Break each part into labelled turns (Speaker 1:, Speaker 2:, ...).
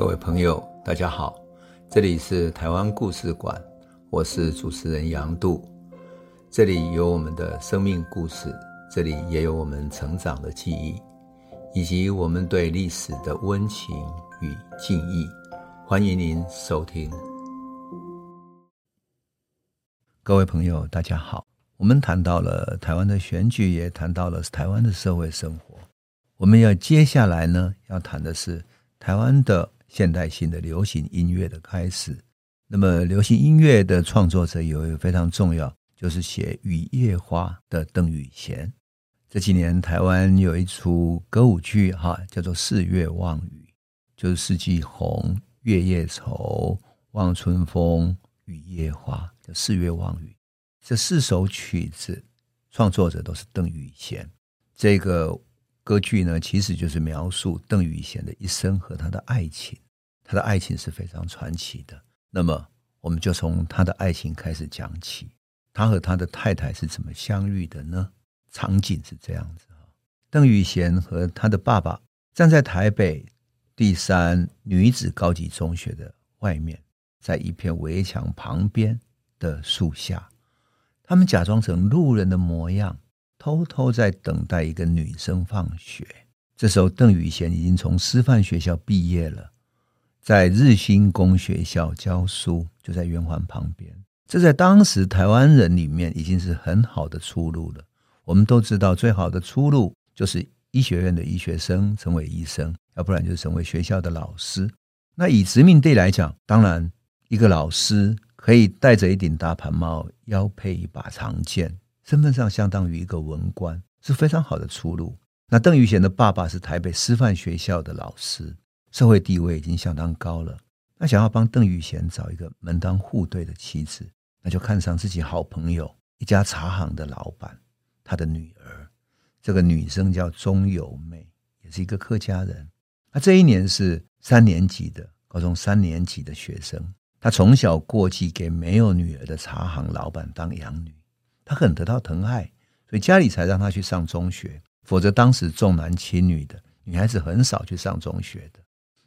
Speaker 1: 各位朋友，大家好，這裡是台灣故事館，我是主持人楊渡，這裡有我們的生命故事，這裡也有我們成長的記憶，以及我們對歷史的溫情與敬意。歡迎您收聽。各位朋友，大家好，我們談到了台灣的選舉，也談到了台灣的社會生活。我們要接下來呢，要談的是台灣的。現代性的流行音樂的開始，那麼流行音樂的創作者有一個非常重要，就是寫雨雨雨、就是《雨夜花》的鄧雨賢。這幾年台灣有一出歌舞劇哈，叫做《四月望雨》，就是《四季紅》《月夜愁》《望春風》《雨夜花》，叫《四月望雨》。這四首曲子創作者都是鄧雨賢，這個。歌劇呢，其實就是描述鄧雨賢的一生和他的愛情。他的愛情是非常傳奇的。那麼，我們就從他的愛情開始講起。他和他的太太是怎麼相遇的呢？場景是這樣子，鄧雨賢和他的爸爸站在台北第三女子高級中學的外面，在一片圍牆旁邊的樹下，他們假裝成路人的模樣。偷偷在等待一個女生放學。這時候，鄧雨賢已經從師範學校畢業了，在日新公學校教書，就在圓環旁邊。這在當時台灣人裡面已經是很好的出路了。我們都知道，最好的出路就是醫學院的醫學生成為醫生，要不然就成為學校的老師。那以殖民地來講，當然一個老師可以戴着一頂大盤帽，腰佩一把長劍。身份上相當於一個文官，是非常好的出路。那鄧雨賢的爸爸是台北師範學校的老師，社會地位已經相當高了。那想要幫鄧雨賢找一個門當戶對的妻子，那就看上自己好朋友一家茶行的老闆，他的女兒。這個女生叫鍾有妹，也是一個客家人。她這一年是三年級的高中三年級的學生。她從小過繼給沒有女兒的茶行老闆當養女。他很得到疼愛，所以家裡才讓他去上中學。否則當時重男輕女的女孩子很少去上中學的。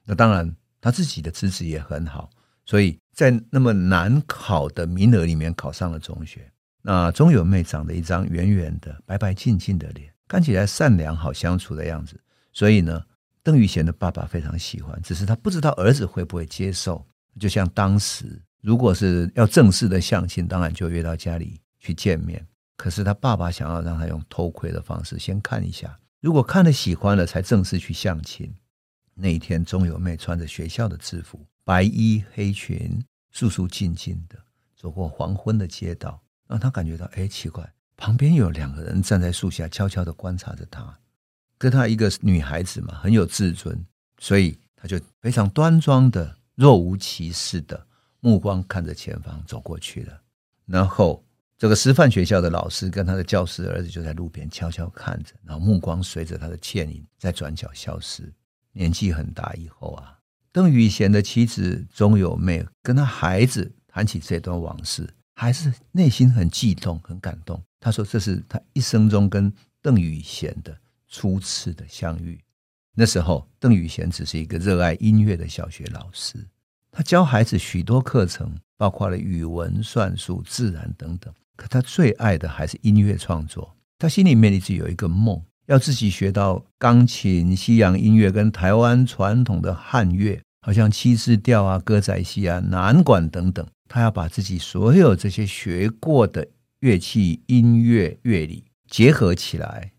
Speaker 1: 那當然，他自己的資質也很好，所以在那麼難考的名額裡面考上了中學。那鍾有妹長得一張圓圓的、白白淨淨的臉，看起來善良、好相處的樣子。所以呢，鄧雨賢的爸爸非常喜歡，只是他不知道兒子會不會接受。就像當時，如果是要正式的相親，當然就約到家裡。去見面，可是他爸爸想要讓他用偷窺的方式先看一下，如果看了喜歡了，才正式去相親。那一天，鍾有妹穿着學校的制服，白衣黑裙，素素淨淨的走過黃昏的街道，讓她感覺到，哎，奇怪，旁邊有兩個人站在樹下，悄悄的觀察着她。跟她一個女孩子嘛，很有自尊，所以她就非常端莊的，若無其事的目光看着前方走過去了，然後。這個師範學校的老師跟他的教師兒子就在路邊悄悄看着，然後目光隨着他的倩影在轉角消失。年紀很大以後啊，鄧雨賢的妻子鍾有妹跟他孩子談起這段往事，還是內心很悸動、很感動。他說：“這是他一生中跟鄧雨賢的初次的相遇。那時候，鄧雨賢只是一個熱愛音樂的小學老師，他教孩子許多課程，包括了語文、算術、自然等等。”可他最愛的還是音樂創作。他心裡面一直有一個夢，要自己學到鋼琴、西洋音樂跟台灣傳統的漢樂，好像七字調啊、歌仔戲啊、南管等等。他要把自己所有這些學過的樂器、音樂、樂理結合起來，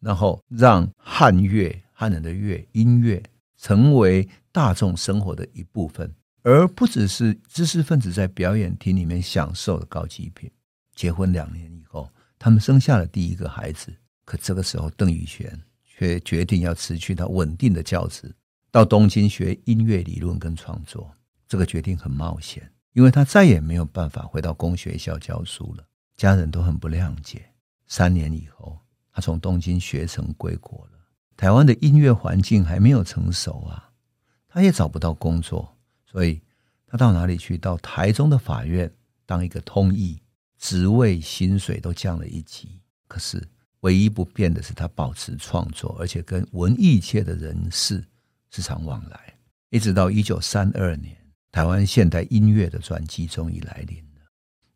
Speaker 1: 然後讓漢樂、漢人的樂、音樂成為大眾生活的一部分，而不只是知識分子在表演廳裡面享受的高級品。結婚兩年以後，他們生下了第一個孩子。可這個時候，鄧雨賢卻決定要辭去他穩定的教職，到東京學音樂理論跟創作。這個決定很冒險，因為他再也沒有辦法回到公學校教書了。家人都很不諒解。三年以後，他從東京學成歸國了。台灣的音樂環境還沒有成熟啊，他也找不到工作，所以他到哪裡去？到台中的法院當一個通譯。職位薪水都降了一級，可是唯一不變的是他保持創作，而且跟文藝界的人士時常往來，一直到一九三二年，台灣現代音樂的轉機終於來臨了。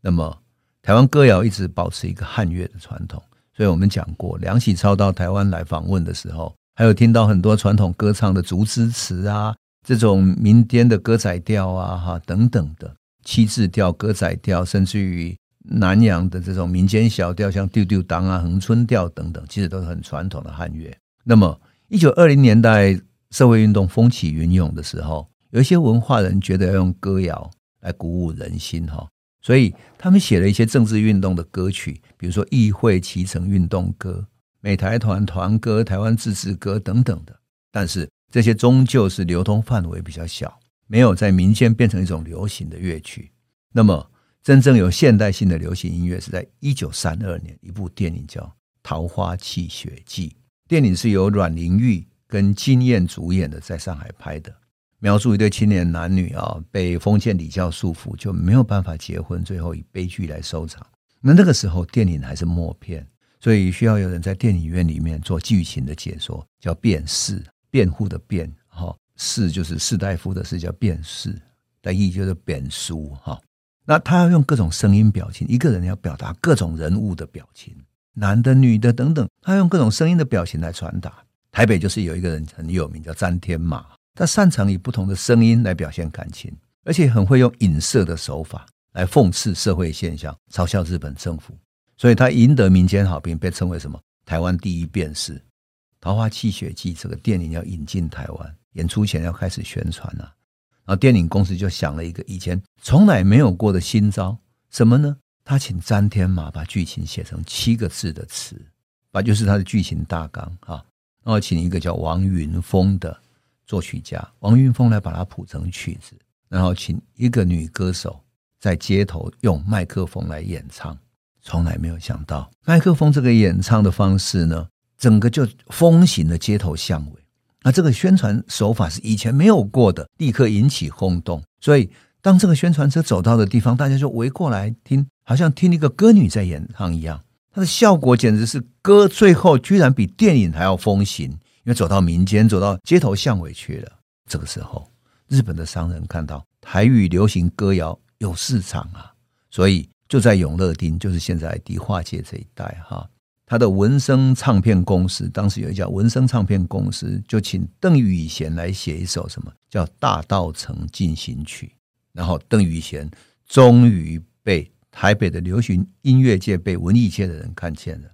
Speaker 1: 那麼，台灣歌謠一直保持一個漢樂的傳統，所以我們講過，梁啟超到台灣來訪問的時候，還有聽到很多傳統歌唱的竹枝詞啊，這種民間的歌仔調啊，哈等等的七字調、歌仔調，甚至於。南洋的這種民間小調，像丟丟當啊、恆春調等等，其實都是很傳統的漢樂。那麼，一九二零年代社會運動風起雲湧的時候，有一些文化人覺得要用歌謠來鼓舞人心哈，所以他們寫了一些政治運動的歌曲，比如說議會騎乘運動歌、美台團團歌、台灣自治歌等等的。但是這些終究是流通範圍比較小，沒有在民間變成一種流行的樂曲。那麼，真正有現代性的流行音樂是在一九三二年，一部電影叫《桃花泣血記》，電影是由阮玲玉跟金焰主演的，在上海拍的，描述一對青年男女啊、哦，被封建禮教束縛就沒有辦法結婚，最後以悲劇來收場。那那個時候電影還是默片，所以需要有人在電影院裡面做劇情的解說，叫辯士，辯護的辯，哈士就是士大夫的士，叫辯士。但義就是貶書哈。那他要用各種聲音表情，一個人要表達各種人物的表情，男的、女的等等，他要用各種聲音的表情來傳達。台北就是有一個人很有名，叫詹天馬，他擅長以不同的聲音來表現感情，而且很會用影射的手法來諷刺社會現象，嘲笑日本政府，所以他贏得民間好評，被稱為什麼台灣第一辯士。《桃花泣血記》這個電影要引進台灣，演出前要開始宣傳啊。然後電影公司就想了一個以前從來沒有過的新招，什麼呢？他請詹天馬把劇情寫成七個字的詞，把就是他的劇情大綱哈。然後請一個叫王雲峰的作曲家，王雲峰來把它譜成曲子。然後請一個女歌手在街頭用麥克風來演唱。從來沒有想到，麥克風這個演唱的方式呢，整個就風行的街頭巷尾。那、啊、這個宣傳手法是以前沒有過的，立刻引起轟動。所以當這個宣傳車走到的地方，大家就圍過來聽，好像聽一個歌女在演唱一樣。它的效果簡直是歌，最後居然比電影還要風行，因為走到民間，走到街頭巷尾去了。這個時候，日本的商人看到台語流行歌謠有市場啊，所以就在永樂町，就是現在的迪化街這一帶，哈。他的文聲唱片公司，當時有一家文聲唱片公司，就請鄧雨賢來寫一首什麼叫《大稻埕進行曲》。然後鄧雨賢終於被台北的流行音樂界、被文藝界的人看見了。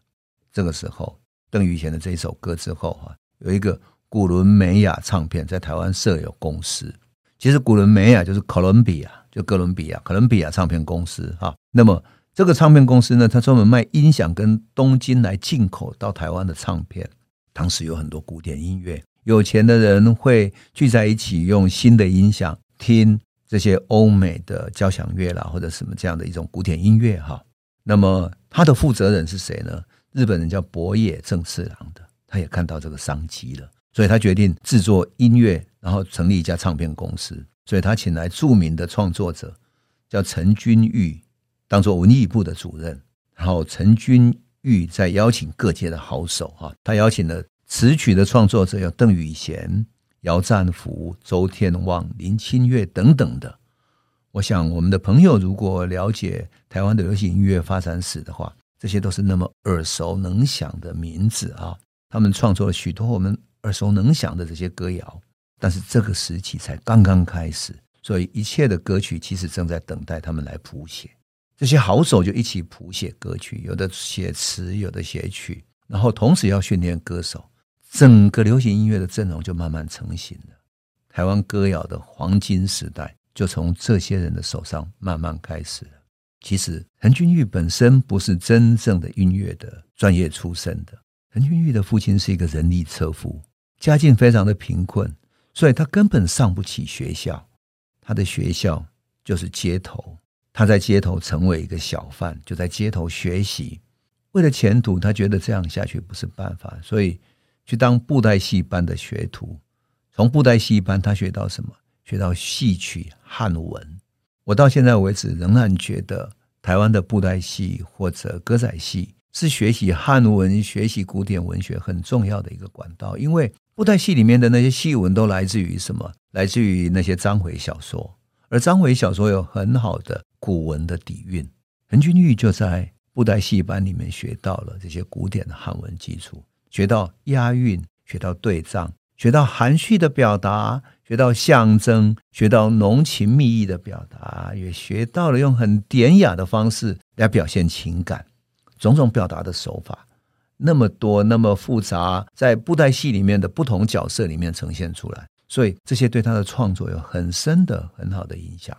Speaker 1: 這個時候，鄧雨賢的這首歌之後，有一個古倫美亞唱片在台灣設有公司。其實古倫美亞就是 Columbia，就哥倫比亞，就哥倫比亞哥倫比亞唱片公司哈。那麼這個唱片公司呢，他專門賣音響跟東京來進口到台灣的唱片。當時有很多古典音樂，有錢的人會聚在一起用新的音響聽這些歐美的交響樂啦，或者什麼這樣的一種古典音樂哈。那麼他的負責人是誰呢？日本人叫博野正次郎的，他也看到這個商機了，所以他決定製作音樂，然後成立一家唱片公司。所以他請來著名的創作者叫陳君玉。當做文藝部的主任，然後陳君玉在邀請各界的好手啊，他邀請了詞曲的創作者，有鄧雨賢、姚贊福、周添旺、林清月等等的。我想，我們的朋友如果了解台灣的流行音樂發展史的話，這些都是那麼耳熟能詳的名字啊。他們創作了許多我們耳熟能詳的這些歌謠，但是這個時期才剛剛開始，所以一切的歌曲其實正在等待他們來譜寫。這些好手就一起譜寫歌曲，有的寫詞，有的寫曲，然後同時要訓練歌手，整個流行音樂的陣容就慢慢成型了。台灣歌謠的黃金時代就從這些人的手上慢慢開始了。其實陳君玉本身不是真正的音樂的專業出身的，陳君玉的父親是一個人力車夫，家境非常的貧困，所以他根本上不起學校，他的學校就是街頭。他在街頭成為一個小販，就在街頭學習。為了前途，他覺得這樣下去不是辦法，所以去當布袋戲班的學徒。從布袋戲班，他學到什麼？學到戲曲、漢文。我到現在為止仍然覺得，台灣的布袋戲或者歌仔戲是學習漢文、學習古典文學很重要的一個管道。因為布袋戲裡面的那些戲文都來自於什麼？來自於那些章回小說，而章回小說有很好的。古文的底蘊，陳君玉就在布袋戲班裡面學到了這些古典的漢文基礎，學到押韻，學到對仗，學到含蓄的表達，學到象徵，學到濃情蜜意的表達，也學到了用很典雅的方式來表現情感，種種表達的手法那麼多那麼複雜，在布袋戲裡面的不同角色裡面呈現出來，所以這些對他的創作有很深的很好的影響。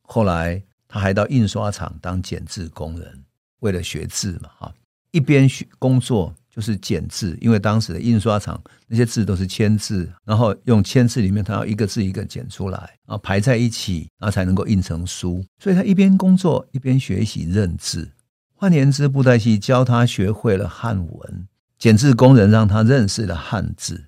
Speaker 1: 後來。他還到印刷廠當檢字工人，為了學字嘛，哈，一邊學工作就是檢字，因為當時的印刷廠那些字都是鉛字，然後用鉛字裡面他要一個字一個檢出來，啊，排在一起，然後才能夠印成書。所以他一邊工作一邊學習認字。換言之，布袋戲教他學會了漢文，檢字工人讓他認識了漢字，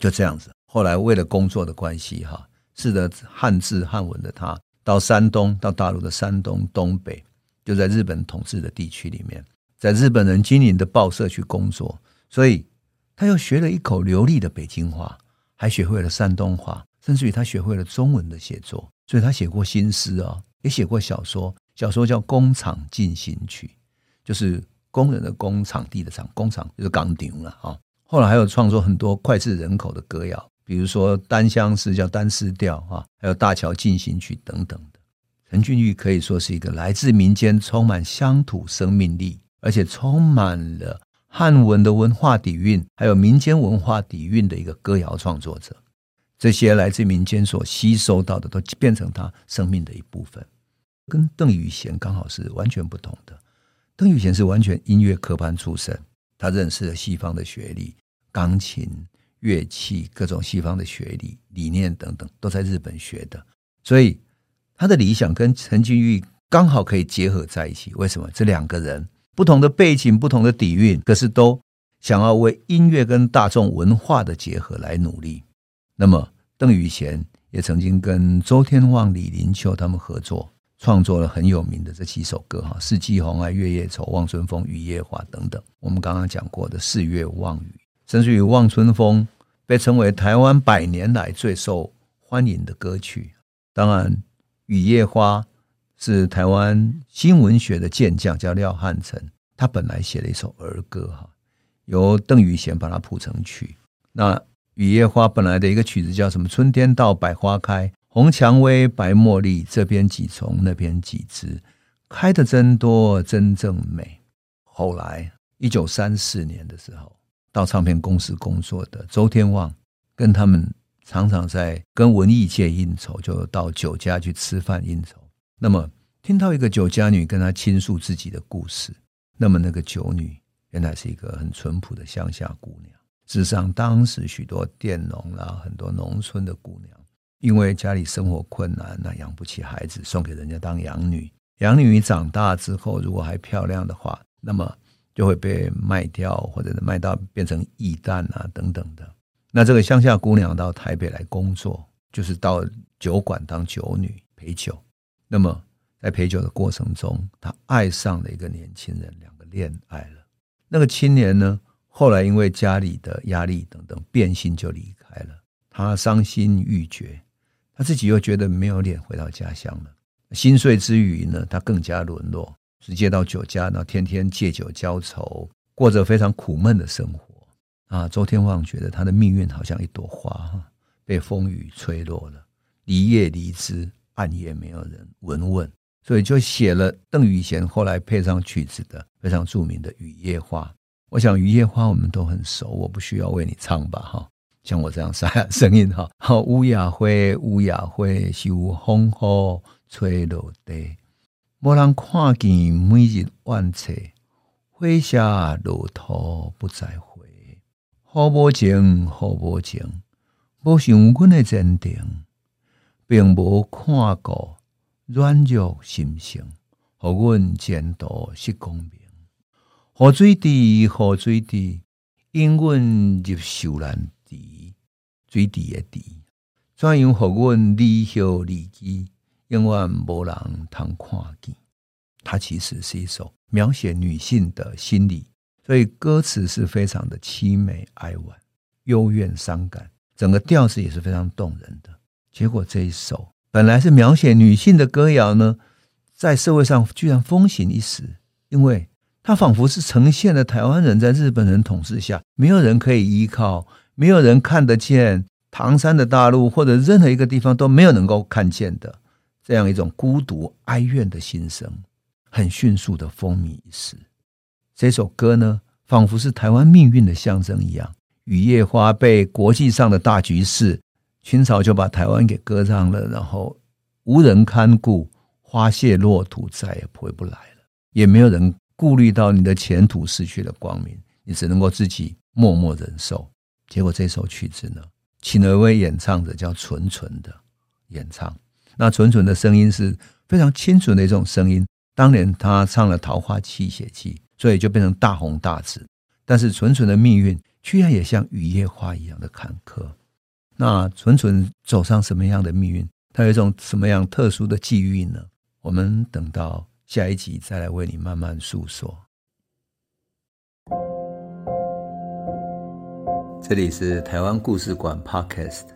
Speaker 1: 就這樣子。後來為了工作的關係，哈，是的，漢字漢文的他。到山東，到大陸的山東東北，就在日本統治的地區裡面，在日本人經營的報社去工作，所以他又學了一口流利的北京話，還學會了山東話，甚至於他學會了中文的寫作，所以他寫過新詩啊，也寫過小說，小說叫《工廠進行曲》，就是工人的工廠地的廠，工廠就是港頂了啊。後來還有創作很多膾炙人口的歌謠。比如說單相思叫單思調啊，還有大橋進行曲等等的。陳俊玉可以說是一個來自民間、充滿鄉土生命力，而且充滿了漢文的文化底蘊，還有民間文化底蘊的一個歌謠創作者。這些來自民間所吸收到的，都變成他生命的一部分，跟鄧雨賢剛好是完全不同的。鄧雨賢是完全音樂科班出身，他認識了西方的學歷、鋼琴、樂器、各種西方的學理、理念等等，都在日本學的，所以他的理想跟陳君玉剛好可以結合在一起。為什麼？這兩個人不同的背景、不同的底蘊，可是都想要為音樂跟大眾文化的結合來努力。那麼，鄧雨賢也曾經跟周添旺、李臨秋他們合作，創作了很有名的這幾首歌，哈，《四季紅》、啊，《月夜愁》、《望春風》、《雨夜花》等等。我們剛剛講過的《四月望雨》，甚至於《望春風》。被稱為台灣百年來最受歡迎的歌曲。當然，《雨夜花》是台灣新文學的健將，叫廖漢臣，他本來寫了一首兒歌，哈，由鄧雨賢把它譜成曲。那《雨夜花》本來的一個曲子叫什麼？春天到，百花開，紅薔薇，白茉莉，這邊幾叢，那邊幾枝，開得真多，真正美。後來，一九三四年的時候。到唱片公司工作的周天旺，跟他們常常在跟文藝界應酬，就到酒家去吃飯應酬。那麼，聽到一個酒家女跟他傾訴自己的故事。那麼，那個酒女原來是一個很淳樸的鄉下姑娘。事實上當時許多佃農啦，很多農村的姑娘，因為家裡生活困難，那養不起孩子，送給人家當養女。養女長大之後，如果還漂亮的話，那麼。就會被賣掉，或者是賣到變成藝旦啊、等等的。那這個鄉下姑娘到台北來工作，就是到酒館當酒女陪酒。那麼在陪酒的過程中，她愛上了一個年輕人，兩個戀愛了。那個青年呢，後來因為家裡的壓力等等變心，就離開了。她傷心欲絕，她自己又覺得沒有臉回到家鄉了。心碎之餘呢，她更加淪落。直接到酒家，然後天天借酒澆愁，過着非常苦悶的生活啊！周天旺覺得他的命運好像一朵花，啊、被風雨吹落了，離葉離枝，暗夜沒有人聞聞，所以就寫了鄧雨賢後來配上曲子的非常著名的雨《雨夜花》。我想《雨夜花》我們都很熟，我不需要為你唱吧，哈、啊，像我這樣沙啞聲音，哈， 好烏雅灰，烏雅灰飛，小風號吹落地。無人看見每日怨嗟，花謝落土不再回。雨無情，雨無情，不想我想阮的前程，並無看過軟弱心性。互阮前途是光明。雨水滴，雨水滴，引阮入受難池，水滴的滴，怎樣互阮離葉離枝。因為沒人能看見，它其實是一首描寫女性的心理，所以歌詞是非常的淒美哀婉、幽怨傷感，整個調子也是非常動人的。結果這一首本來是描寫女性的歌謠呢，在社會上居然風行一時，因為它仿佛是呈現了台灣人在日本人統治下，沒有人可以依靠，沒有人看得見唐山的大陸或者任何一個地方都沒有能夠看見的。這樣一種孤獨哀怨的心聲，很迅速的風靡一時。這首歌呢，仿佛是台灣命運的象徵一樣。雨夜花被國際上的大局勢，清朝就把台灣給割讓了，然後無人看顧，花謝落土，再也回不來了。也沒有人顧慮到你的前途失去了光明，你只能夠自己默默忍受。結果這首曲子呢，請了一位演唱者叫純純的演唱。那純純的聲音是非常清純的一種聲音。當年他唱了《桃花泣血記》，所以就變成大紅大紫。但是純純的命運居然也像雨夜花一樣的坎坷。那純純走上什麼樣的命運？他有一種什麼樣特殊的際遇呢？我們等到下一集再來為你慢慢訴說。這裡是台灣故事館 Podcast。